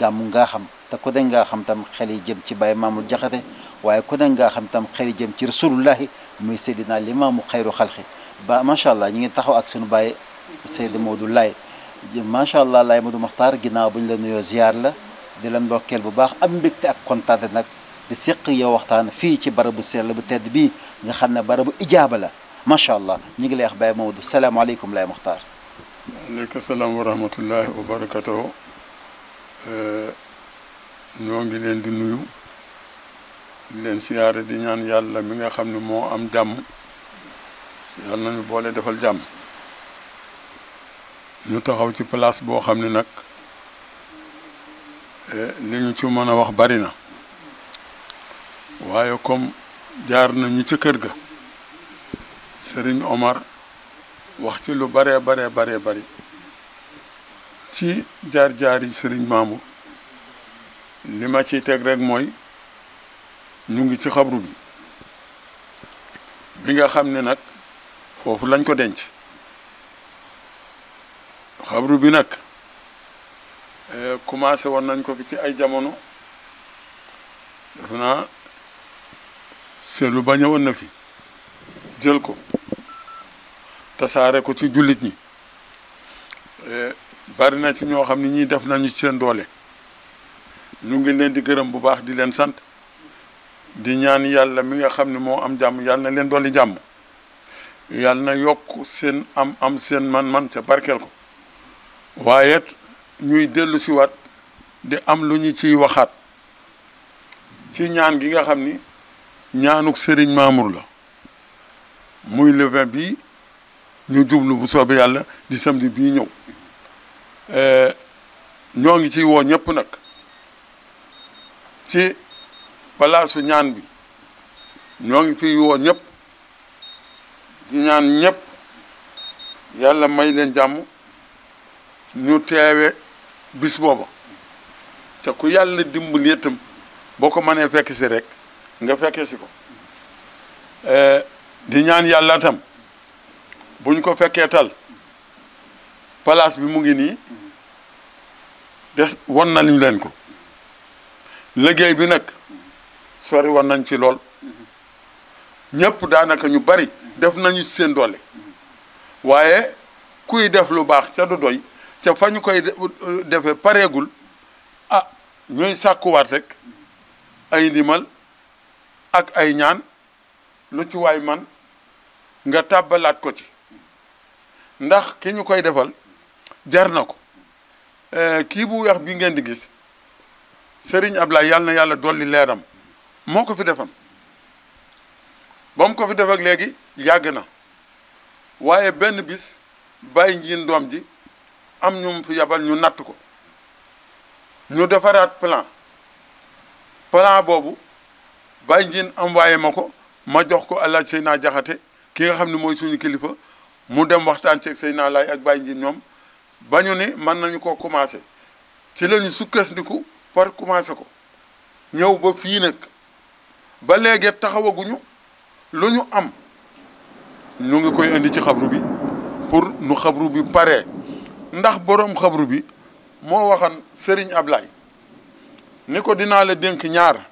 gàmmu ngaa xam te ku xam tam xel yi jëm ci Baye Mamour Jaxate waaye ku ne ngaa xam tam xel yi jëm ci rasulullahi muy Seydina Limaamu xayru xalxi ba macha allah ñu ngi taxaw ak sunu Baye Seydi Modou Laye macha allah Laye Modou Maxtaar ginnaaw bu ñu la nuyoo ziar la di la ndokkeel bu baax am mbégte ak kontaante nag di séq yow waxtaan fii ci barabu sell bu tedd bi nga xam ne barabu ijaaba la macha allah ñu ngi lay wax Baye Maodo salaamaaleykum Laye Maxtaar. waaleykum salaam Euh, ñoo ngi leen di nuyu leen siyaare di ñaan yàlla mi nga xam ne moo am jàmm yàlla nañu boole defal jàmm ñu taxaw ci place boo xam ne nag eh, li ñu ci mën a wax bari na waaye comme jaar nañu ci kër ga sëriñ Omar wax ci lu baree baree baree bari ci jaar-jaar yi sëriñ Maamu li ma ciy teg rek mooy ñu ngi ci xabru bi bi nga xam ne nag foofu lañ ko denc xabru bi nag eh, commencé woon nañ ko fi ci ay jamono defe naa selu ba ñëwoon na fi jël ko tasaare ko ci jullit ñi eh, bari na ci ñoo xam ne ñii def nañu seen doole ñu ngi leen di gërëm bu baax di leen sant di ñaan yàlla mi nga xam ni moo am jàmm yàlla na leen dolli jàmm yàlla na yokk seen am am seen man-man ca barkeel ko waaye ñuy dellu siwaat di am lu ñu ciy waxaat ci ñaan gi nga xam ni ñaanuk sëriñ Mamour la muy le vin bii ñu jublu bu soobee yàlla di samedi bii ñëw Eh, ñoo ngi ci woo ñëpp nag ci palaasu ñaan bi ñoo ngi fi woo ñëpp ñaan ñëpp yàlla may leen jàmm ñu teewe bis booba te ku yàlla dimbali itam boo ko mënee fekk si rek nga fekke si ko eh, di ñaan yàlla tam buñ ko fekkee tal palaas bi mu ngi nii des won nañu leen ko liggéey bi nag sori woon nañ ci lool ñëpp daanaka ñu bari def nañu ci seen doole waaye kuy def lu baax ca du doy ca fa ñu koy euh, euh, defee pareegul a ah, ñuy sàkkuwaat rekk ay ndimal ak ay ñaan lu ci waay man nga tàbbalaat ko ci ndax ki ñu koy defal jar na ko Eh, kii bu weex bi ngeen di gis Serigne abla yàlla na yàlla dolli leeram moo ko fi defam ba mu ko fi def ak léegi yàgg na waaye benn bis bàyyi njiin doom ji am ñu fi yabal ñu natt ko ñu defaraat plan plan boobu bàyyi njiin envoyé ma ko ma jox ko alaaj Seynaa Jaxate ki nga xam ne mooy suñu kilifa mu dem waxtaan ceeg Seynaa laay ak bàyyi njiin ñoom bañu ñu ni mën nañu koo commencé ci la ñu sukkandiku par commencé ko ñëw ba fii nag ba léegi taxawaguñu lu ñu am ñu ngi koy indi ci xabru bi pour nu xabru bi pare ndax boroom xabru bi moo waxan Serigne Ablaye ni ko dinaa la dénk ñaar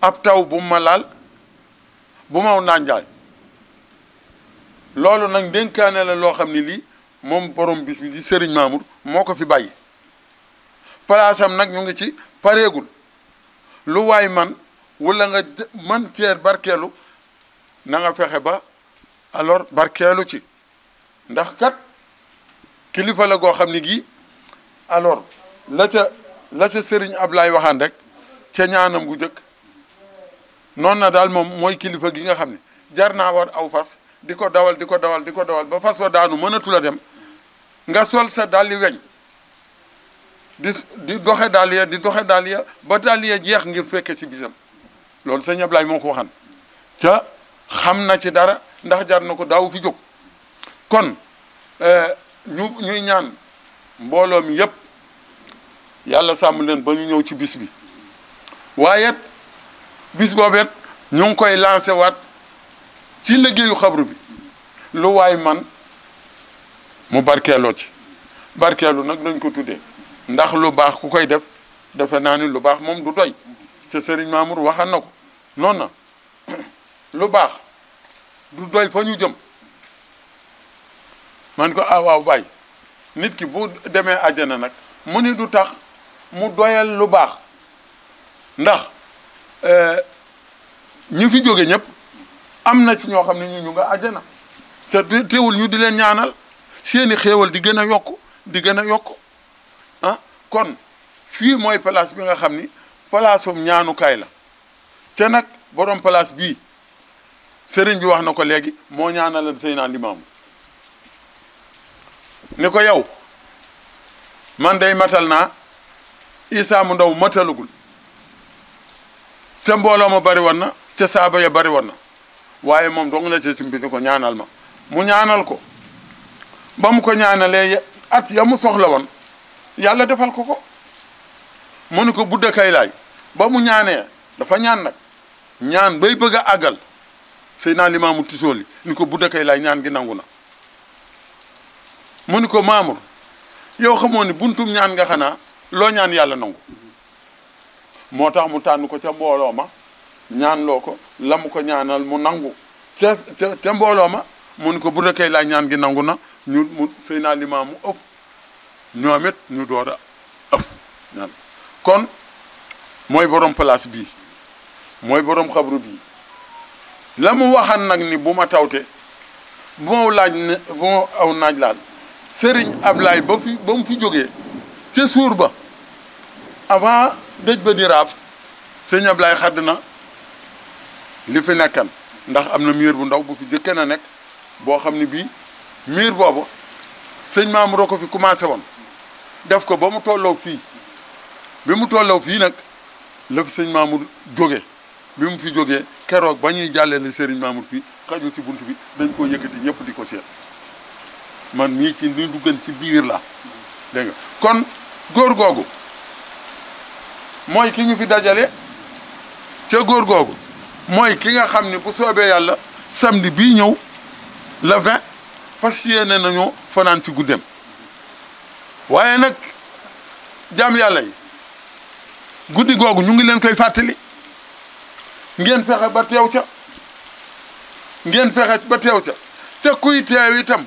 ab taw bu ma laal bu maw nànjaay loolu nag dénkaane la loo xam ni lii moom borom bis bi di sëriñ Mamour moo ko fi bàyyi place am nag ñu ngi ci pareegul lu waay man wala nga man ceer barkeelu na nga fexe ba alors barkeelu ci ndax kat kilifa la goo xam ne alors la ca la ca sëriñ Ablaay waxaan rek ca ñaanam gu jëkk noonu na daal moom mooy kilifa gi nga war aw fas diko dawal diko dawal diko dawal ba fas wa daanu mënatu la dem nga sol sa dàlli weñ di di doxe daal di doxe daal ba daal jeex ngir fekke ci bisam loolu sëñ Ablaye moo ko waxan ca xam na ci dara ndax jar na ko daaw fi jóg kon eh, ñu ñuy ñaan mbooloo mi yëpp yàlla sàmm leen ba ñu ñëw ci bis bi waaye bis boobet ñu ngi koy lancé waat ci liggéeyu xabru bi lu waay man mu barkeeloo ci barkeelu nag dañ ko tuddee ndax lu baax ku koy def defe naa ni lu baax moom du doy ci Serigne Mamour waxan na ko noonu na lu baax du doy fa ñu jëm man ko ah baay nit ki bu demee àjjana nag mu ni du tax mu doyal lu baax ndax euh, ñi fi jóge ñëpp am na ci ñoo xam ne ñu ñu nga àjjana te teewul ñu di leen ñaanal seeni xéewal di gën a yokk di gën a yokk ah kon fii mooy palace bi nga xam ni palaasum ñaanukaay la te nag borom place bii sëriñ bi wax na ko léegi moo ñaanal Seydina Limaamu ni ko yow man day matal naa Isaa mu ndaw matalugul te mbooloo ma bari woon na te saaba ya bari woon na waaye moom dong la ci simbi ni ko ñaanal ma mu ñaanal ko ba mu ko ñaanalee at ya mu soxla woon yàlla defal ko ko mu nu ko budda kay laay ba mu ñaanee dafa ñaan nag ñaan bay bëgg a àggal Seydina Limaamu Tisooli ni ko budda kay laay ñaan gi nangu na mu ni ko Maamur yow xamoo ni buntum ñaan nga xanaa loo ñaan yàlla nangu moo tax mu tànn ko ca mbooloo ma ñaan loo ko la mu ko ñaanal mu nangu ca ca ca mbooloo ma mun ko bu nekkee laa ñaan gi nangu na ñu mu sëy naa limaam mu ëf ñoom it ñu door ëf kon mooy borom place bii mooy boroom xabru bii la mu waxan nag ni bu ma tawte bu ma laaj ne bu aw naaj laal Serigne Ablaye ba fi ba mu fi jóge ca suur ba avant dëj ba di raaf Serigne Ablaye xadd na li fi nekkan ndax am na miir bu ndaw bu fi jëkkee na nekk boo xam ne bii miir boobu sëñ Mamour ko fi commencé woon def ko ba mu tolloo fii bi mu tolloo fii nag la sëñ Mamour jóge bi mu fi jóge keroog ba ñuy jàllale sëriñ Mamour fii xaju ci bunt bi dañ koo yëkkati ñëpp di ko seet man mii ci li duggan ci biir la dégg nga kon góor googu mooy ki ñu fi dajale ca góor googu mooy ki nga xam ne bu soobee yàlla samedi bii ñëw le 20 fas yéene nañoo fanaan ci guddeem waaye nag jaam yàlla yi guddi googu ñu ngi leen koy fàttali ngeen fexe ba teew ca ngeen fexe ba teew ca ca kuy teew itam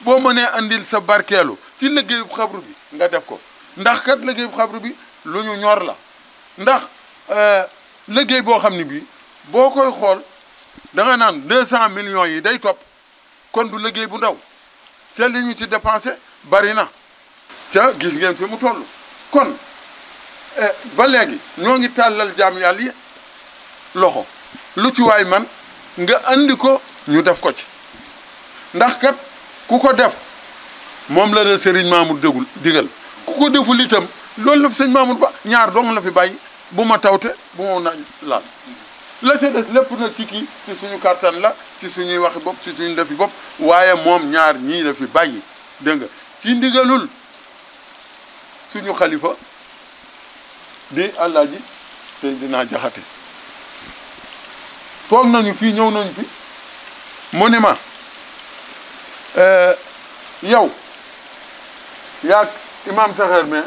boo mënee andil sa barkeelu ci liggéeyub xabru bi nga def ko ndax kat liggéeyub xabru bi lu ñu ñor la ndax euh, léggéey boo xam ne bi boo koy xool da naan deux cent millions yi day topp kon du liggéey bu ndaw te li ñu ci dépensé bari na te gis ngeen fi mu toll kon eh, ba léegi ñoo ngi tàllal jaam yàlla yi loxo lu ci waay man nga andi ko ñu def ko ci ndax kat ku ko def moom la la sëriñ Mamour dégul digal ku ko deful itam loolu la fi sëñ Mamour ba ñaar dong la fi bay bu ma tawte bu ma laal la ca des lépp nag ci ci suñu kàrtan la ci suñuy waxi bopp ci suñu defi bopp waaye moom ñaar ñii la fi bàyyi dégg nga ci ndigalul suñu xalifa di Alaaji Seydina Jaxate toog nañu fii ñëw nañu fi mu ne ma euh, yow yaag imaam Saxeer mais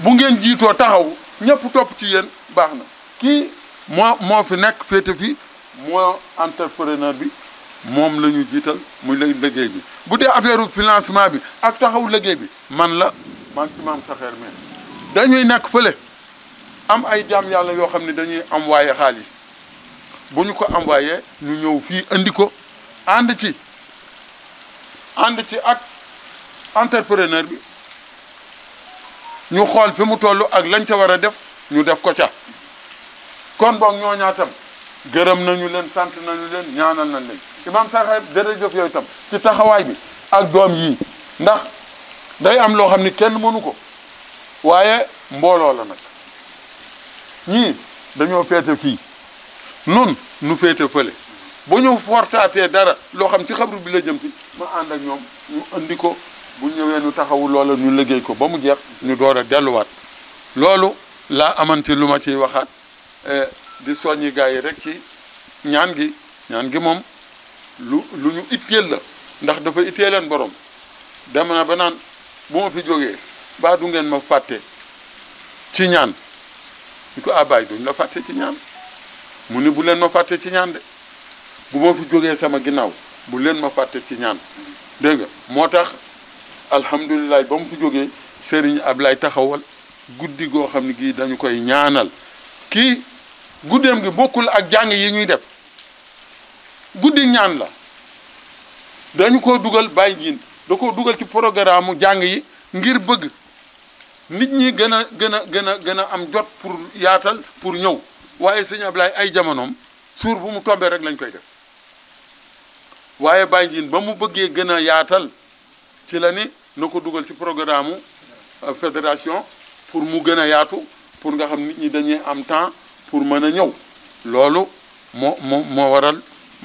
bu ngeen jiitoo taxaw ñépp topp ci yéen baax na kii moo moo fi nekk féete fii moo entrepreneur bi moom la ñu jiital muy la liggéey bi bu dee affaire financement bi ak taxaw liggéey bi man la man ci saxeer mi dañuy nekk fële am ay jaam yàlla yoo xam ne dañuy envoyé xaalis bu ñu ko envoyé ñu ñëw fii indi ko ànd ci ànd ci ak entrepreneur bi ñu xool fi mu toll ak lañ ca war def ñu def ko ca kon boog ñooñaa tam gërëm nañu leen sant nañu leen ñaanal nañ leen imam saxaar jërëjëf yooyu tam ci taxawaay bi ak doom yii ndax day am loo xam ni kenn mënu ko waaye mbooloo la nag ñii dañoo féete fii nun nu féete fële bu ñu fortaatee dara loo xam ci xabru bi la jëm si ma ànd ak ñoom ñu andi ko bu ñëwee nu taxawu loola ñu liggéey ko ba mu jeex ñu door delluwaat loolu laa amante lu ma ciy waxaat Eh, di soññ gaa yi rek ci ñaan gi ñaan gi moom lu lu ñu itteel la ndax dafa itteeleen borom dem na ba naan bu ma fi jógee baa du ngeen ma fàtte ci ñaan ñu ko abaay ah, duñ la fàtte ci ñaan mu ni bu leen ma fàtte ci ñaan de bu ma jógee sama ginnaaw bu leen ma fàtte ci ñaan dégg moo tax alhamdulilah ba mu fi jógee Serigne Ablaye taxawal guddi goo xam ne gii dañu koy ñaanal kii guddeem gi bokkul ak jàng yi ñuy def guddi ñaan la dañu ko dugal bàyyi jiin da ko dugal ci programme mu jàng yi ngir bëgg nit ñi gën a gën a gën a gën a am jot pour yaatal pour ñëw waaye sëñ Ablaye ay jamonoom suur bu mu tombee rek lañ koy def waaye bàyyi jiin ba mu bëggee gën a yaatal ci la ni na ko dugal ci programme mu euh, fédération pour mu gën a yaatu pour nga xam nit ñi dañuy am temps pour mën a ñëw loolu moo mo moo waral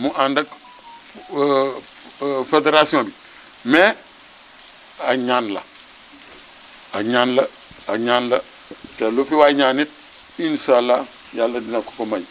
mu ànd ak euh, euh, fédération bi mais ak ñaan la a ñaan la ak ñaan la te lu fi waay ñaan it incha allah yàlla dina ko ko may